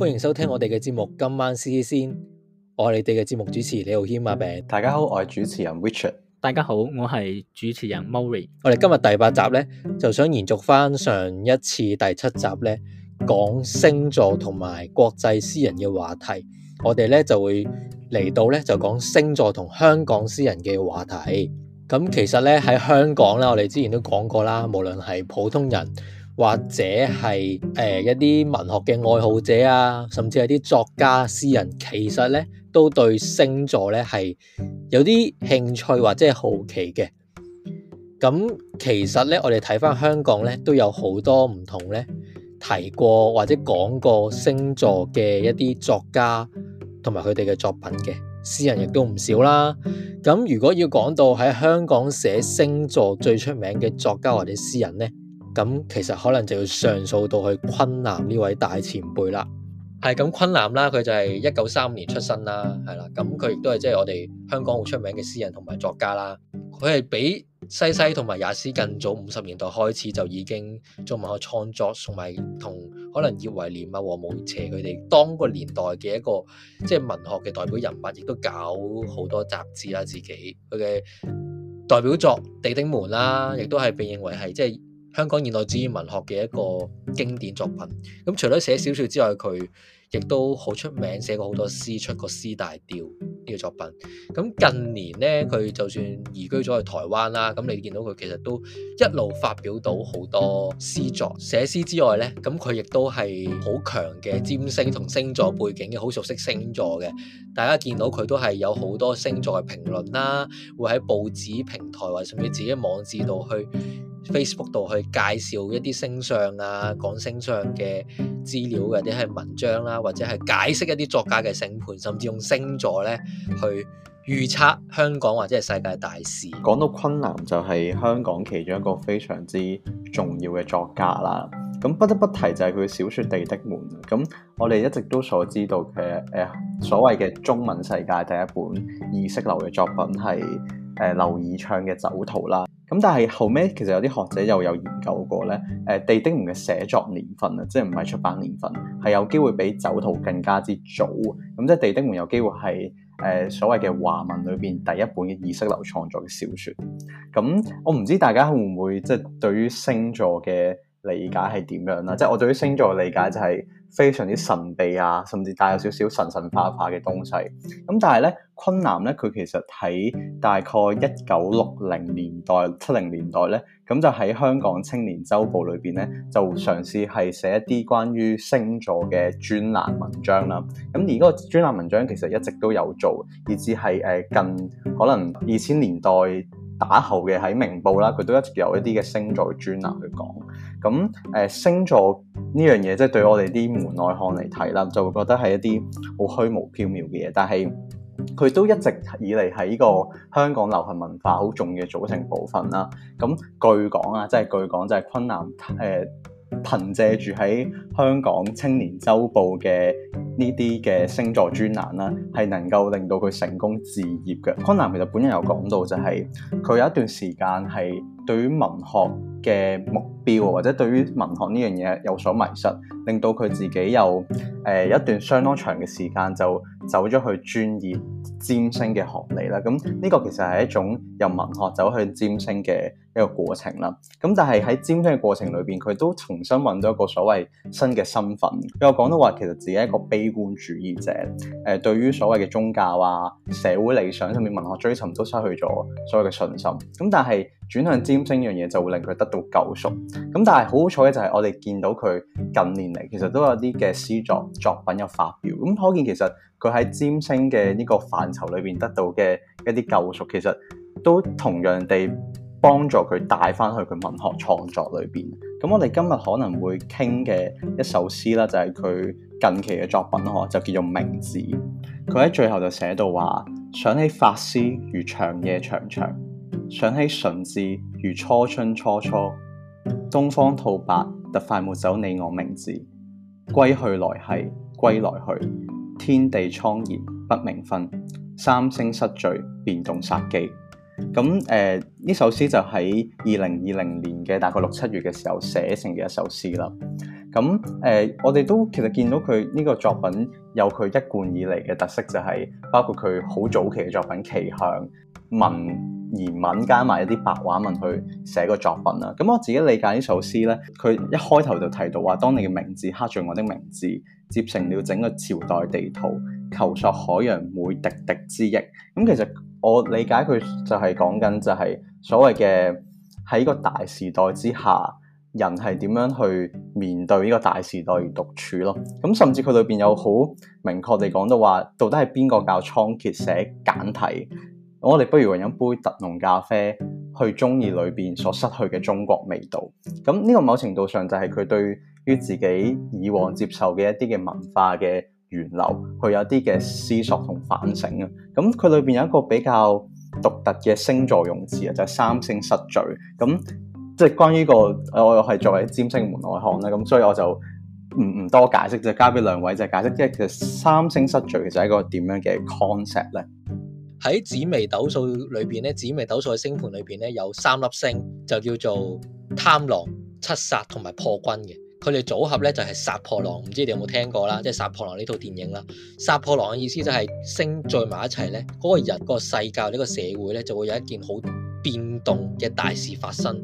歡迎收聽我哋嘅節目，今晚詩仙，我係你哋嘅節目主持李浩謙啊餅。大家好，我係主持人 Richard。大家好，我係主持人 Mori。我哋今日第八集咧，就想延續翻上，上一次第七集咧，講星座同埋國際詩人嘅話題。我哋咧就會嚟到咧就講星座同香港詩人嘅話題。咁其實咧喺香港啦，我哋之前都講過啦，無論係普通人。或者係誒、呃、一啲文學嘅愛好者啊，甚至係啲作家、詩人，其實咧都對星座咧係有啲興趣或者係好奇嘅。咁、嗯、其實咧，我哋睇返香港咧都有好多唔同咧提過或者講過星座嘅一啲作家同埋佢哋嘅作品嘅詩人亦都唔少啦。咁、嗯、如果要講到喺香港寫星座最出名嘅作家或者詩人咧？咁其實可能就要上訴到去崑南呢位大前輩啦，係咁崑南啦，佢就係一九三五年出生啦，係啦，咁佢亦都係即係我哋香港好出名嘅詩人同埋作家啦。佢係比西西同埋也斯更早五十年代開始就已經做文學創作，同埋同可能葉維廉啊、王無邪佢哋當個年代嘅一個即係、就是、文學嘅代表人物，亦都搞好多雜誌啦，自己佢嘅代表作《地的門》啦，亦都係被認為係即係。香港現代主義文學嘅一個經典作品。咁除咗寫小説之外，佢亦都好出名，寫過好多詩，出過《詩大調》呢個作品。咁近年呢，佢就算移居咗去台灣啦。咁你見到佢其實都一路發表到好多詩作、寫詩之外呢，咁佢亦都係好強嘅占星同星座背景嘅，好熟悉星座嘅。大家見到佢都係有好多星座嘅評論啦，會喺報紙平台或者甚至自己網誌度去。Facebook 度去介紹一啲星相啊，講星相嘅資料嘅，啲係文章啦，或者係解釋一啲作家嘅星盤，甚至用星座咧去預測香港或者係世界大事。講到崑南就係香港其中一個非常之重要嘅作家啦。咁不得不提就係佢小説《地的門》。咁我哋一直都所知道嘅，誒、呃、所謂嘅中文世界第一本意識流嘅作品係誒、呃、劉以鬯嘅《酒徒》啦。咁但係後尾，其實有啲學者又有研究過咧，誒、呃、地丁門嘅寫作年份啊，即係唔係出版年份，係有機會比《酒徒》更加之早。咁、嗯、即係地丁門有機會係誒、呃、所謂嘅華文裏邊第一本嘅意識流創作嘅小説。咁、嗯、我唔知大家會唔會即係對於星座嘅理解係點樣啦？即係我對於星座嘅理解就係、是。非常之神秘啊，甚至帶有少少神神化化嘅東西。咁但係咧，昆南咧，佢其實喺大概一九六零年代、七零年代咧，咁就喺香港青年周報裏邊咧，就嘗試係寫一啲關於星座嘅專欄文章啦。咁而嗰個專欄文章其實一直都有做，以至係誒近可能二千年代。打後嘅喺明報啦，佢都一直有一啲嘅、呃、星座專欄去講。咁誒星座呢樣嘢，即係對我哋啲門外漢嚟睇啦，就會覺得係一啲好虛無縹緲嘅嘢。但係佢都一直以嚟喺呢個香港流行文化好重要嘅組成部分啦。咁據講啊，即係據講就係崑南誒，憑、呃、借住喺香港青年周報嘅。呢啲嘅星座專欄啦，係能夠令到佢成功置業嘅。崑南其實本人有講到、就是，就係佢有一段時間係。對於文學嘅目標，或者對於文學呢樣嘢有所迷失，令到佢自己又誒一段相當長嘅時間就走咗去專業占星嘅學歷啦。咁呢個其實係一種由文學走向占星嘅一個過程啦。咁但係喺占星嘅過程裏邊，佢都重新揾到一個所謂新嘅身份。又講到話，其實自己係一個悲觀主義者。誒，對於所謂嘅宗教啊、社會理想同埋文學追尋都失去咗所謂嘅信心。咁但係，轉向占星呢樣嘢就會令佢得到救贖，咁但係好彩嘅就係我哋見到佢近年嚟其實都有啲嘅詩作作品有發表，咁可見其實佢喺占星嘅呢個範疇裏邊得到嘅一啲救贖，其實都同樣地幫助佢帶翻去佢文學創作裏邊。咁我哋今日可能會傾嘅一首詩啦，就係、是、佢近期嘅作品呵，就叫做《名字》。佢喺最後就寫到話：想起髮絲如長夜長長。想起純字如初春初初，東方吐白特快抹走你我名字。歸去來兮，歸來去，天地蒼然不明分。三星失序，變動殺機。咁誒呢首詩就喺二零二零年嘅大概六七月嘅時候寫成嘅一首詩啦。咁誒、呃，我哋都其實見到佢呢個作品有佢一貫以嚟嘅特色，就係包括佢好早期嘅作品《奇向文》。言文加埋一啲白話文去寫個作品啦。咁我自己理解呢首詩咧，佢一開頭就提到話：當你嘅名字刻住我的名字，接成了整個朝代地圖，求索海洋每滴滴之液。咁其實我理解佢就係講緊就係所謂嘅喺個大時代之下，人係點樣去面對呢個大時代而獨處咯。咁甚至佢裏邊有好明確地講到話，到底係邊個教倉頡寫簡體？我哋不如揾一杯特濃咖啡，去中意裏邊所失去嘅中國味道。咁呢個某程度上就係佢對於自己以往接受嘅一啲嘅文化嘅源流，佢有一啲嘅思索同反省啊。咁佢裏邊有一個比較獨特嘅星座用詞啊，就係、是、三星失序。咁即係關於個我又係作為占星門外漢咧，咁所以我就唔唔多解釋，就交俾兩位就解釋。即係其實三星失序就係一個點樣嘅 concept 咧？喺紫微斗數裏邊咧，紫微斗數嘅星盤裏邊咧，有三粒星，就叫做貪狼、七殺同埋破軍嘅。佢哋組合咧就係殺破狼，唔知你有冇聽過啦，即係殺破狼呢套電影啦。殺破狼嘅意思就係星聚埋一齊咧，嗰個人個世界呢個社會咧就會有一件好變動嘅大事發生，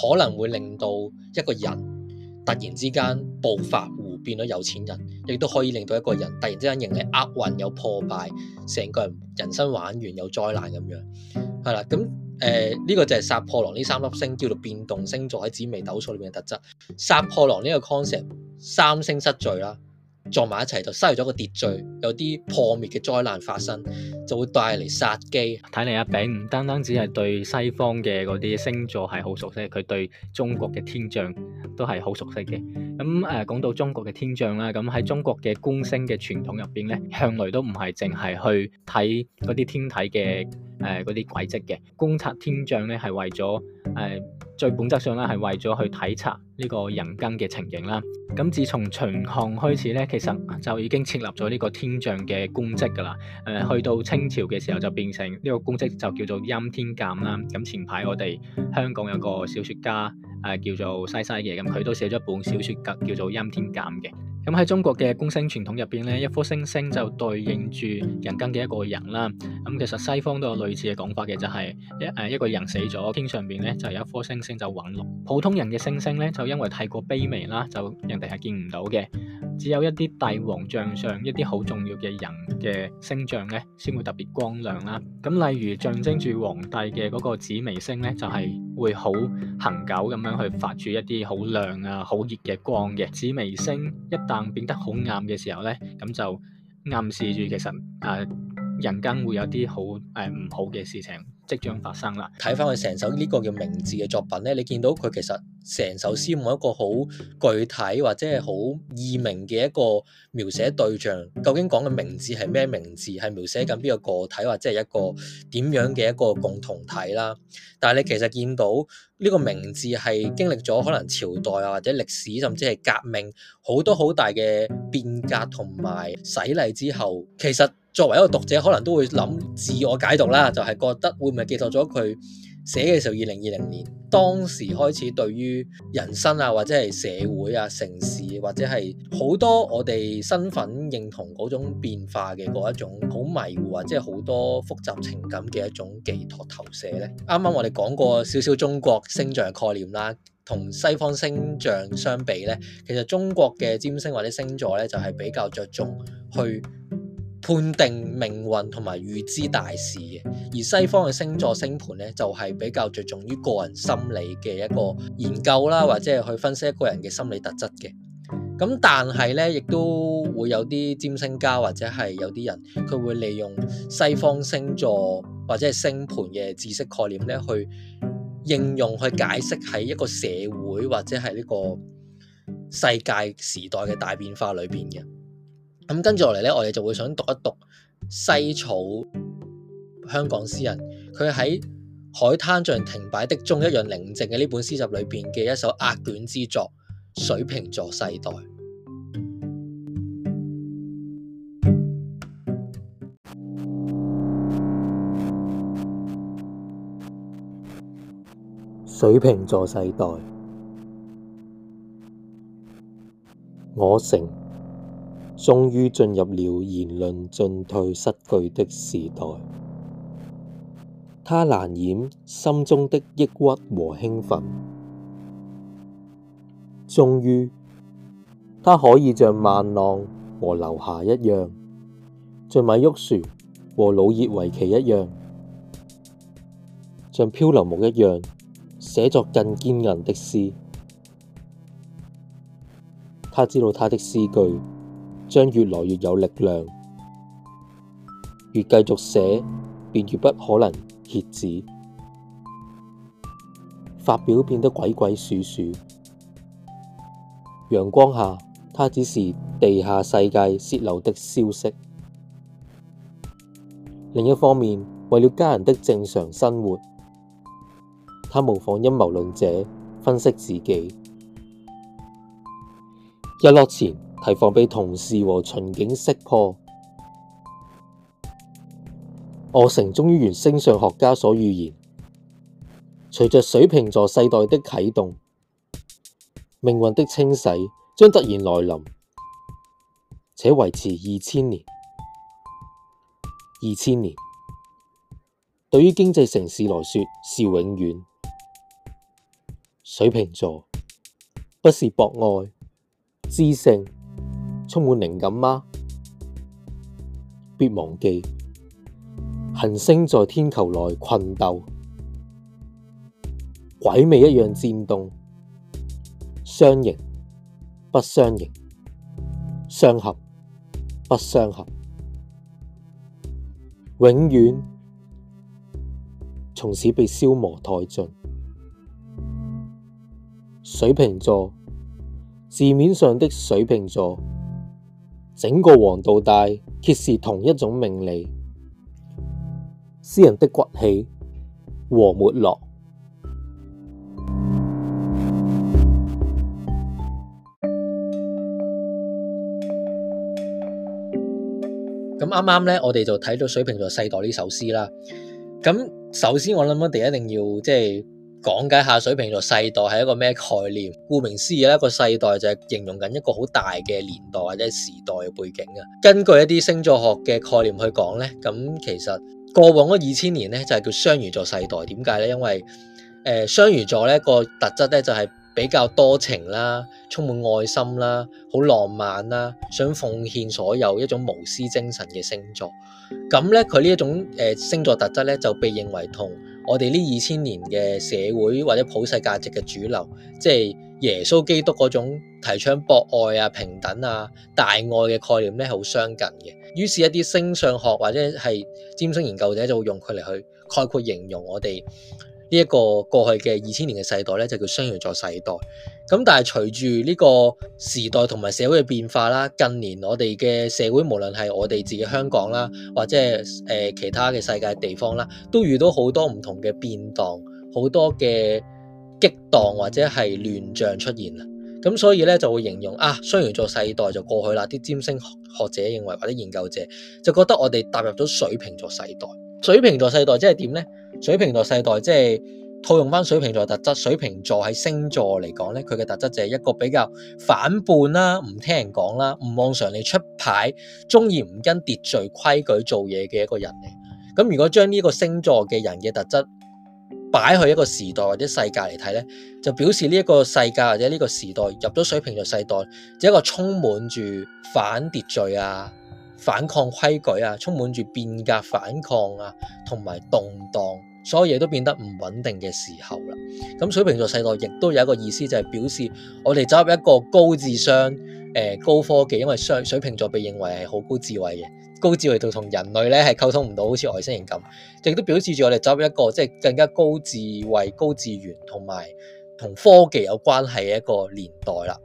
可能會令到一個人突然之間暴發。變咗有錢人，亦都可以令到一個人突然之間迎嚟厄運、有破敗，成個人人生玩完、有災難咁樣係啦。咁誒呢個就係殺破狼呢三粒星叫做變動星座，喺紫微斗數裏面嘅特質。殺破狼呢個 concept 三星失序啦，撞埋一齊就失去咗個秩序，有啲破滅嘅災難發生，就會帶嚟殺機。睇嚟阿炳唔單單只係對西方嘅嗰啲星座係好熟悉，佢對中國嘅天象都係好熟悉嘅。咁誒講到中國嘅天象啦，咁喺中國嘅觀星嘅傳統入邊咧，向來都唔係淨係去睇嗰啲天體嘅。誒嗰啲軌跡嘅，觀察天象咧係為咗誒、呃、最本質上咧係為咗去體察呢個人間嘅情形啦。咁自從秦漢開始咧，其實就已經設立咗呢個天象嘅官職㗎喇。誒、呃、去到清朝嘅時候就變成呢、這個官職就叫做欽天監啦。咁前排我哋香港有個小說家誒、呃、叫做西西嘅，咁佢都寫咗本小說叫叫做欽天監嘅。咁喺、嗯、中國嘅公星傳統入邊咧，一顆星星就對應住人間嘅一個人啦。咁、嗯、其實西方都有類似嘅講法嘅，就係、是、一誒、呃、一個人死咗，天上邊咧就有一顆星星就隕落。普通人嘅星星咧，就因為太過卑微啦，就人哋係見唔到嘅。只有一啲帝王將相，一啲好重要嘅人嘅星象咧，先會特別光亮啦。咁例如象徵住皇帝嘅嗰個紫微星咧，就係、是、會好恆久咁樣去發住一啲好亮啊、好熱嘅光嘅。紫微星一旦變得好暗嘅時候咧，咁就暗示住其實誒、呃、人間會有啲、呃、好誒唔好嘅事情即將發生啦！睇翻佢成首呢個叫名字嘅作品咧，你見到佢其實成首詩冇一個好具體或者係好易明嘅一個描寫對象，究竟講嘅名字係咩名字？係描寫緊邊個個體，或者係一個點樣嘅一個共同體啦？但係你其實見到呢個名字係經歷咗可能朝代啊，或者歷史，甚至係革命好多好大嘅變革同埋洗禮之後，其實。作為一個讀者，可能都會諗自我解讀啦，就係覺得會唔會寄託咗佢寫嘅時候二零二零年當時開始對於人生啊，或者係社會啊、城市或者係好多我哋身份認同嗰種變化嘅嗰一種好迷糊或者係好多複雜情感嘅一種寄託投射呢。啱啱我哋講過少少中國星象概念啦，同西方星象相比呢，其實中國嘅占星或者星座呢，就係比較着重去。判定命運同埋預知大事嘅，而西方嘅星座星盤咧就係比較着重於個人心理嘅一個研究啦，或者係去分析一個人嘅心理特質嘅。咁但係咧，亦都會有啲占星家或者係有啲人，佢會利用西方星座或者係星盤嘅知識概念咧去應用去解釋喺一個社會或者係呢個世界時代嘅大變化裏邊嘅。咁跟住落嚟呢，我哋就會想讀一讀西草，香港詩人，佢喺海灘像停擺的鐘一樣寧靜嘅呢本詩集裏邊嘅一首壓卷之作《水瓶座世代》。水瓶座世代，我城。終於進入了言論進退失據的時代，他難掩心中的抑鬱和興奮。終於，他可以像萬浪和樓下一樣，像米鬱樹和老葉維奇一樣，像漂流木一樣，寫作更堅韌的詩。他知道他的詩句。將越來越有力量，越繼續寫，便越不可能歇止。發表變得鬼鬼祟祟，陽光下，他只是地下世界泄漏的消息。另一方面，為了家人的正常生活，他模仿陰謀論者分析自己。日落前。提防被同事和巡警識破。我城終於原星相學家所預言，隨着水瓶座世代的啟動，命運的清洗將突然來臨，且維持二千年。二千年對於經濟城市來說是永遠。水瓶座不是博愛、知性。充滿靈感嗎？別忘記，恆星在天球內困鬥，鬼魅一樣戰動，相迎不相迎，相合不相合，永遠從此被消磨殆盡。水瓶座，字面上的水瓶座。整個黃道帶揭示同一種命理，詩人的骨氣和沒落。咁啱啱咧，我哋就睇到水瓶座世代呢首詩啦。咁首先，我諗我哋一定要即係。講解下水瓶座世代係一個咩概念？顧名思義咧，個世代就係形容緊一個好大嘅年代或者時代嘅背景啊。根據一啲星座學嘅概念去講咧，咁其實過往嗰二千年咧就係叫雙魚座世代。點解咧？因為誒雙魚座咧，個特質咧就係比較多情啦、充滿愛心啦、好浪漫啦、想奉獻所有一種無私精神嘅星座。咁咧，佢呢一種誒星座特質咧就被認為同我哋呢二千年嘅社會或者普世價值嘅主流，即係耶穌基督嗰種提倡博愛啊、平等啊、大愛嘅概念咧，好相近嘅。於是，一啲星相學或者係占星研究者就用佢嚟去概括形容我哋。呢一個過去嘅二千年嘅世代咧，就叫雙魚座世代。咁但係隨住呢個時代同埋社會嘅變化啦，近年我哋嘅社會，無論係我哋自己香港啦，或者係誒其他嘅世界地方啦，都遇到好多唔同嘅變動，好多嘅激盪或者係亂象出現啦。咁所以咧就會形容啊，雙魚座世代就過去啦。啲占星學者認為或者研究者就覺得我哋踏入咗水瓶座世代。水瓶座世代即係點呢？水瓶座世代即係套用翻水瓶座特質。水瓶座喺星座嚟講咧，佢嘅特質就係一個比較反叛啦，唔聽人講啦，唔按常理出牌，中意唔跟秩序規矩做嘢嘅一個人嚟。咁如果將呢個星座嘅人嘅特質擺去一個時代或者世界嚟睇咧，就表示呢一個世界或者呢個時代入咗水瓶座世代，就一個充滿住反秩序啊、反抗規矩啊、充滿住變革、反抗啊同埋動盪，所有嘢都變得唔穩定嘅時候啦，咁水瓶座世代亦都有一個意思，就係、是、表示我哋走入一個高智商、誒、呃、高科技，因為水水瓶座被認為係好高智慧嘅，高智慧到同人類咧係溝通唔到，好似外星人咁，亦都表示住我哋走入一個即係、就是、更加高智慧、高智源同埋同科技有關係嘅一個年代啦。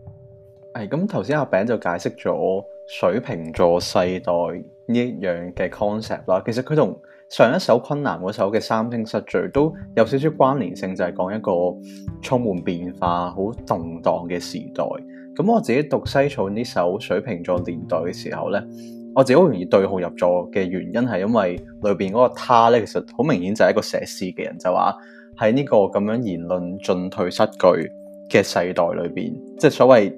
係咁，頭先阿餅就解釋咗水瓶座世代呢一樣嘅 concept 啦，其實佢同。上一首昆南嗰首嘅三星失序都有少少關聯性，就係、是、講一個充滿變化、好動盪嘅時代。咁我自己讀西草呢首水瓶座年代嘅時候咧，我自己好容易對號入座嘅原因係因為裏邊嗰個他咧，其實好明顯就係一個寫詩嘅人，就話喺呢個咁樣言論進退失據嘅世代裏邊，即係所謂。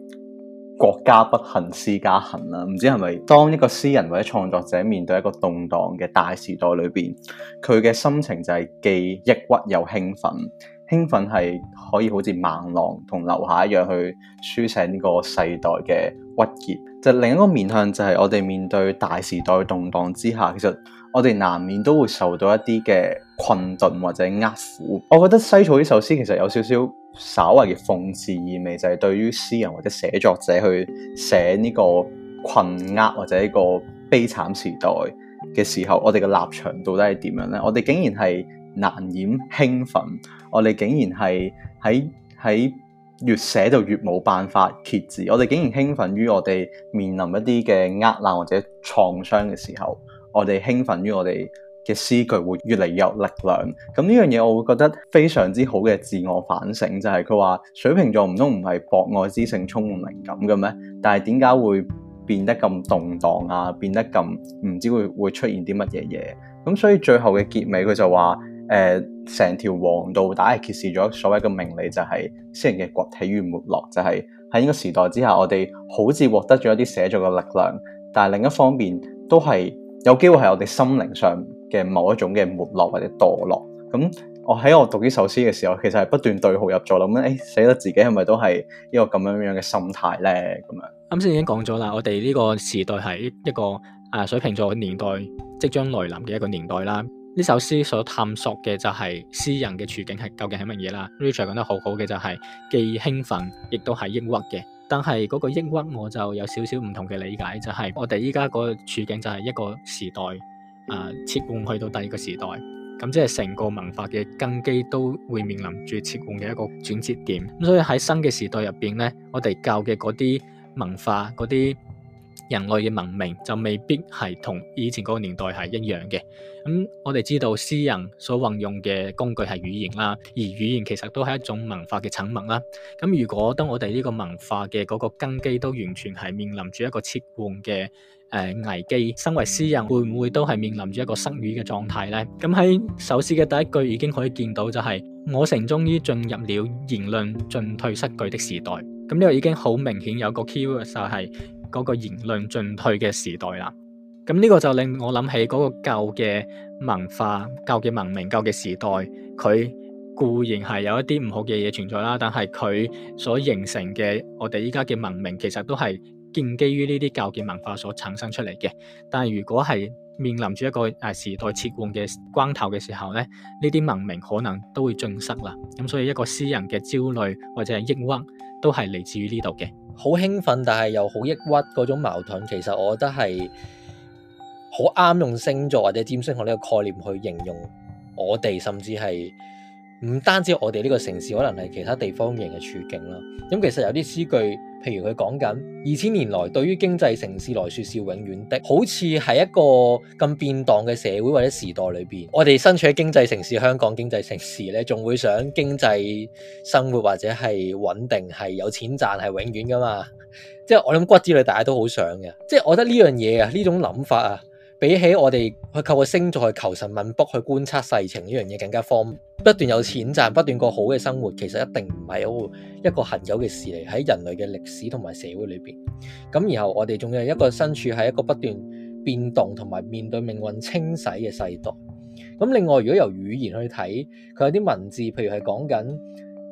國家不幸，詩家幸啦。唔知係咪當一個詩人或者創作者面對一個動盪嘅大時代裏邊，佢嘅心情就係既抑鬱又興奮。興奮係可以好似孟浪同留下一樣去抒寫呢個世代嘅鬱結。就另一個面向就係我哋面對大時代動盪之下，其實我哋難免都會受到一啲嘅困頓或者扼苦。我覺得《西草》呢首詩其實有少少，稍為嘅諷刺意味就係、是、對於詩人或者寫作者去寫呢個困厄或者呢個悲慘時代嘅時候，我哋嘅立場到底係點樣咧？我哋竟然係難掩興奮，我哋竟然係喺喺越寫到越冇辦法揭字，我哋竟然興奮於我哋面臨一啲嘅厄難或者創傷嘅時候，我哋興奮於我哋。嘅詩句會越嚟越有力量。咁呢樣嘢，我會覺得非常之好嘅自我反省就係佢話水瓶座唔通唔係博愛之性充滿靈感嘅咩？但係點解會變得咁動盪啊？變得咁唔知會會出現啲乜嘢嘢？咁、嗯、所以最後嘅結尾，佢就話誒，成條黃道帶係揭示咗所謂嘅命理，就係、是、先人嘅崛起與沒落，就係喺呢個時代之下，我哋好似獲得咗一啲寫作嘅力量，但係另一方面都係有機會係我哋心靈上。嘅某一種嘅沒落或者墮落，咁我喺我讀呢首詩嘅時候，其實係不斷對號入座啦。咁、哎、死寫得自己係咪都係呢個咁樣樣嘅心態咧？咁樣啱先已經講咗啦，我哋呢個時代係一個啊水瓶座年代即將來臨嘅一個年代啦。呢首詩所探索嘅就係詩人嘅處境係究竟係乜嘢啦？Richard 講得好好嘅就係、是、既興奮，亦都係抑鬱嘅。但係嗰個抑鬱我就有少少唔同嘅理解，就係、是、我哋依家個處境就係一個時代。啊！切換去到第二個時代，咁即係成個文化嘅根基都會面臨住切換嘅一個轉折點。咁所以喺新嘅時代入邊咧，我哋教嘅嗰啲文化、嗰啲人類嘅文明就未必係同以前嗰個年代係一樣嘅。咁我哋知道，詩人所運用嘅工具係語言啦，而語言其實都係一種文化嘅產物啦。咁如果當我哋呢個文化嘅嗰個根基都完全係面臨住一個切換嘅。誒，危機，身為詩人會唔會都係面臨住一個失語嘅狀態呢？咁喺首詩嘅第一句已經可以見到，就係我成終於進入了言論進退失據的時代。咁呢個已經好明顯有個 keyword，就係嗰個言論進退嘅時代啦。咁呢個就令我諗起嗰個舊嘅文化、舊嘅文明、舊嘅時代，佢固然係有一啲唔好嘅嘢存在啦，但係佢所形成嘅我哋依家嘅文明，其實都係。建基於呢啲教建文化所產生出嚟嘅，但係如果係面臨住一個誒時代切換嘅關頭嘅時候咧，呢啲文明可能都會盡失啦。咁、嗯、所以一個詩人嘅焦慮或者係抑鬱都係嚟自於呢度嘅。好興奮但係又好抑鬱嗰種矛盾，其實我覺得係好啱用星座或者占星學呢個概念去形容我哋，甚至係唔單止我哋呢個城市，可能係其他地方型嘅處境囉。咁、嗯、其實有啲詩句。譬如佢講緊二千年來，對於經濟城市來說是永遠的，好似係一個咁變動嘅社會或者時代裏邊，我哋身處喺經濟城市香港經濟城市呢，仲會想經濟生活或者係穩定係有錢賺係永遠噶嘛？即 係我諗骨子裏大家都好想嘅，即係我覺得呢樣嘢啊，呢種諗法啊。比起我哋去靠個星座去求神問卜去觀察世情呢樣嘢更加方不斷，不斷有錢賺，不斷過好嘅生活，其實一定唔係好一個恆久嘅事嚟。喺人類嘅歷史同埋社會裏邊，咁然後我哋仲有一個身處喺一個不斷變動同埋面對命運清洗嘅世代。咁另外，如果由語言去睇，佢有啲文字，譬如係講緊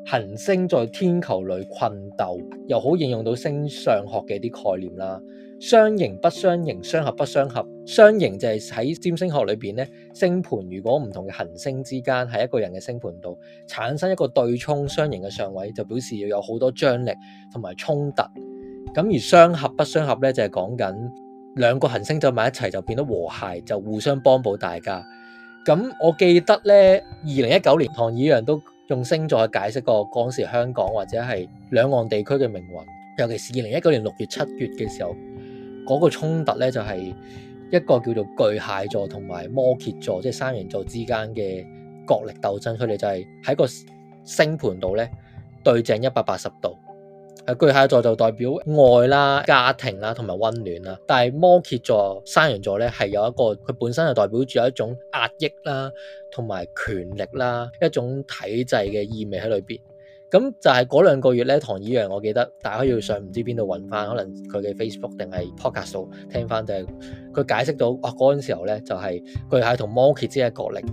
恆星在天球裏困鬥，又好應用到星象學嘅啲概念啦。相刑不相刑，相合不相合。相刑就係喺占星學裏邊咧，星盤如果唔同嘅行星之間喺一個人嘅星盤度產生一個對沖，相刑嘅相位就表示要有好多張力同埋衝突。咁而相合不相合咧，就係、是、講緊兩個行星走埋一齊就變得和諧，就互相幫補大家。咁我記得咧，二零一九年唐以陽都用星座去解釋過嗰時香港或者係兩岸地區嘅命運，尤其是二零一九年六月、七月嘅時候。嗰個衝突咧就係、是、一個叫做巨蟹座同埋摩羯座，即係山羊座之間嘅角力鬥爭。佢哋就係喺個星盤度咧對正一百八十度。巨蟹座就代表愛啦、家庭啦同埋溫暖啦，但係摩羯座、山羊座咧係有一個佢本身就代表住一種壓抑啦同埋權力啦一種體制嘅意味喺裏邊。咁就係嗰兩個月咧，唐以陽我記得大家可要上唔知邊度搵翻，可能佢嘅 Facebook 定係 Podcast 度聽翻，就係佢解釋到，哇！嗰陣時候咧就係巨蟹同摩羯之間嘅角力，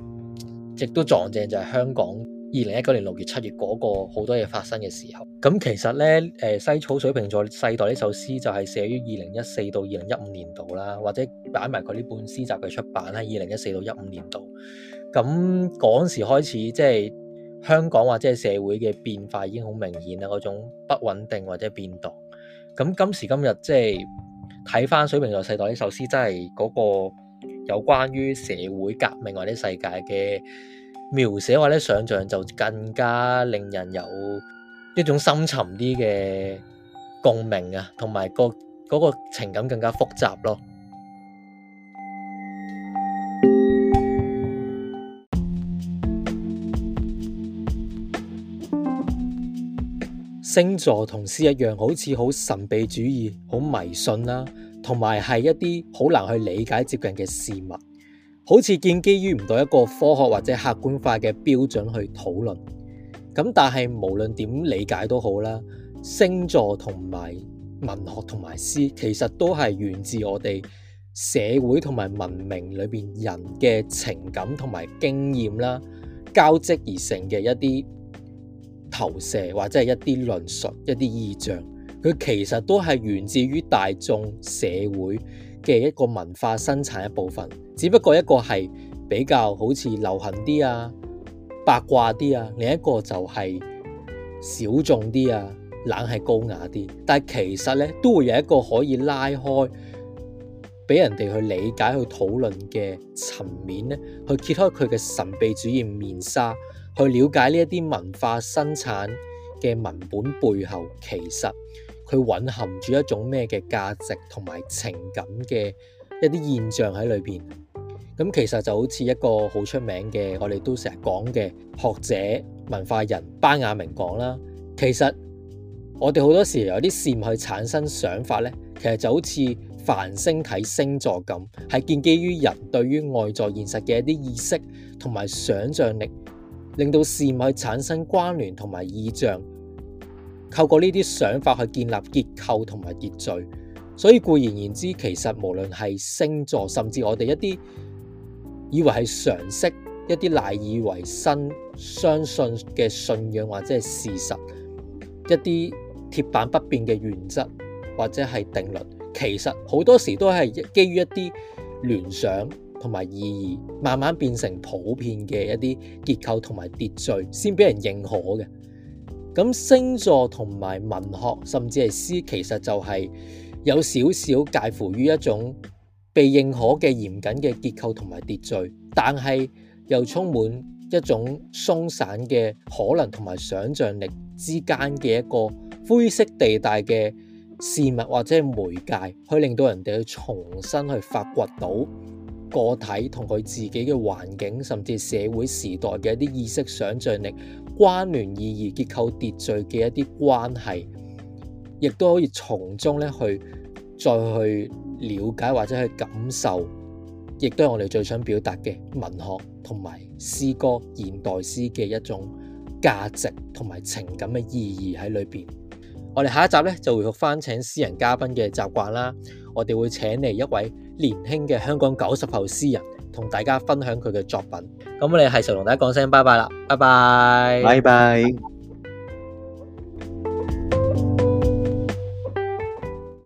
亦都撞正就係香港二零一九年六月、七月嗰個好多嘢發生嘅時候。咁其實咧，誒，《西草水瓶座世代》呢首詩就係寫於二零一四到二零一五年度啦，或者擺埋佢呢本詩集嘅出版喺二零一四到一五年度。咁嗰時開始即係。香港或者係社會嘅變化已經好明顯啦，嗰種不穩定或者變動。咁今時今日即係睇返《水瓶座世代》呢首詩，真係嗰個有關於社會革命或者世界嘅描寫，或者想像就更加令人有一種深沉啲嘅共鳴啊，同埋個嗰、嗰個情感更加複雜咯。星座同詩一樣，好似好神秘主義、好迷信啦，同埋係一啲好難去理解接近嘅事物，好似建基於唔到一個科學或者客觀化嘅標準去討論。咁但係無論點理解都好啦，星座同埋文學同埋詩，其實都係源自我哋社會同埋文明裏邊人嘅情感同埋經驗啦，交織而成嘅一啲。投射或者係一啲論述、一啲意象，佢其實都係源自於大眾社會嘅一個文化生產一部分。只不過一個係比較好似流行啲啊、八卦啲啊，另一個就係小眾啲啊、冷係高雅啲。但係其實咧都會有一個可以拉開俾人哋去理解、去討論嘅層面咧，去揭開佢嘅神秘主義面紗。去了解呢一啲文化生產嘅文本背後，其實，佢蘊含住一種咩嘅價值同埋情感嘅一啲現象喺裏邊，咁、嗯、其實就好似一個好出名嘅，我哋都成日講嘅學者文化人班雅明講啦。其實，我哋好多時有啲事物去產生想法咧，其實就好似繁星睇星座咁，係建基於人對於外在現實嘅一啲意識同埋想像力。令到事物去產生關聯同埋意象，透過呢啲想法去建立結構同埋秩序，所以固然言之，其實無論係星座，甚至我哋一啲以為係常識、一啲賴以為生、相信嘅信仰或者係事實、一啲鐵板不變嘅原則或者係定律，其實好多時都係基於一啲聯想，同埋意義，慢慢變成普遍嘅一啲結構同埋秩序，先俾人認可嘅。咁星座同埋文學，甚至係詩，其實就係有少少介乎於一種被認可嘅嚴謹嘅結構同埋秩序，但係又充滿一種鬆散嘅可能同埋想像力之間嘅一個灰色地帶嘅事物或者係媒介，去令到人哋去重新去發掘到。個體同佢自己嘅環境，甚至社會時代嘅一啲意識、想象力、關聯、意義、結構、秩序嘅一啲關係，亦都可以從中咧去再去了解或者去感受，亦都係我哋最想表達嘅文學同埋詩歌現代詩嘅一種價值同埋情感嘅意義喺裏邊。我哋下一集咧就回復翻請詩人嘉賓嘅習慣啦，我哋會請嚟一位。年輕嘅香港九十後詩人，同大家分享佢嘅作品。咁我哋係時候同大家講聲拜拜啦，拜拜，拜拜。拜拜。